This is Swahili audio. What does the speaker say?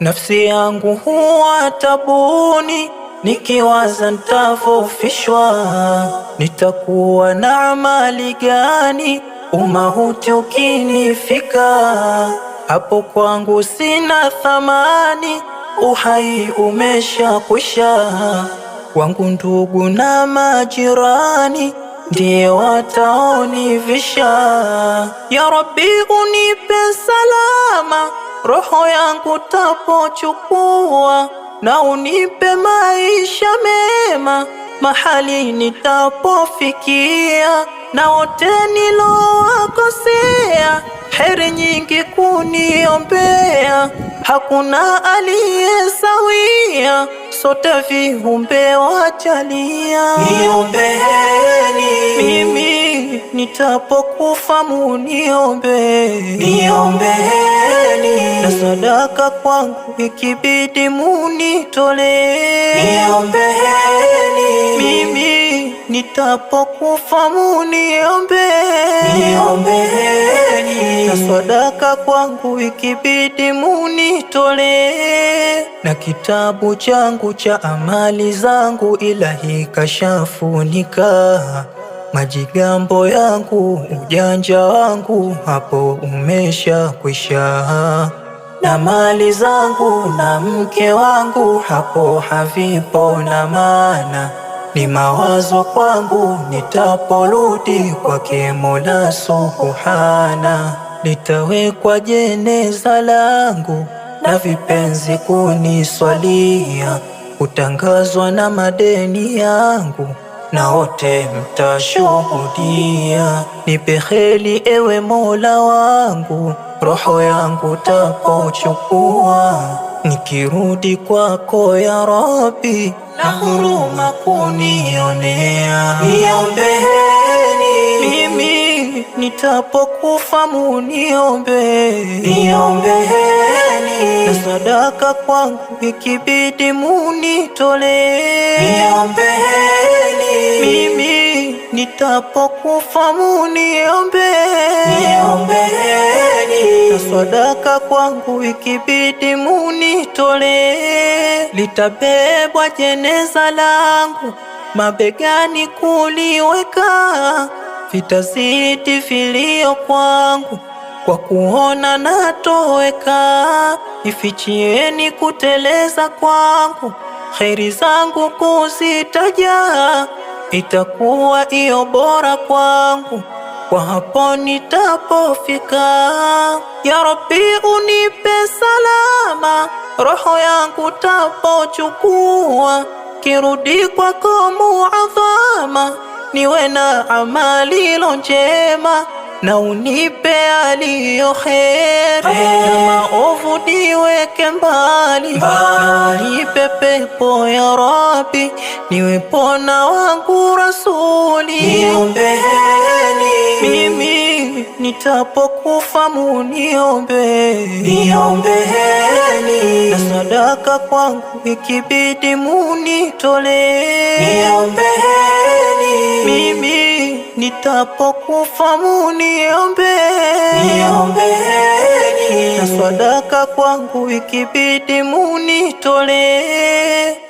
Nafsi yangu huwa tabuni, nikiwaza ntafufishwa, nitakuwa na amali gani umauti ukinifika? Hapo kwangu sina thamani, uhai umeshakwisha. Wangu ndugu na majirani ndiye wataonivisha. Ya Rabbi, unipe salama roho yangu tapochukua, na unipe maisha mema mahali nitapofikia, na wote nilowakosea heri nyingi kuniombea, hakuna aliyesawia, sote viumbe wajalia, niombeeni mimi nitapokufa muniombe, niombeeni na sadaka kwangu ikibidi munitole, niombeeni mimi nitapokufa muniombe, niombeeni na sadaka kwangu ikibidi munitole na kitabu changu cha amali zangu, ila hikashafunika majigambo yangu, ujanja wangu hapo umesha kwisha, na mali zangu na mke wangu hapo havipo na maana, ni mawazo kwangu nitaporudi kwake Mola Subhana, litawekwa jeneza langu na vipenzi kuniswalia, kutangazwa na madeni yangu na wote mtashuhudia. Nipe kheri ewe Mola wangu, roho yangu takochukua, nikirudi kwako ya Rabbi, na huruma kunionea, Niombeeni mimi nitapokufa, muniombe, niombeeni sadaka kwangu, ikibidi munitole. Niombeeni mimi nitapokufa, muniombee. sadaka kwangu, ikibidi munitole. Litabebwa jeneza langu, mabegani kuliweka, vitazidi vilio kwangu kwa kuona natoweka, ifichieni kuteleza kwangu, kheri zangu kuzitaja, itakuwa iyo bora kwangu, kwa hapo nitapofika. Ya Rabbi, unipe salama roho yangu tapochukua, kirudi kwako muadhama, niwe na amali lo njema na unipe aliyo heri na maovu niweke mbali, na pepo ya Rabi, niwe pona wangu Rasuli. Niombeeni mimi nitapokufa, muniombee. Niombeeni na sadaka kwangu ikibidi munitolee. Niombeeni nitapokufa muniombe, niombeni na swadaka kwangu ikibidi munitolee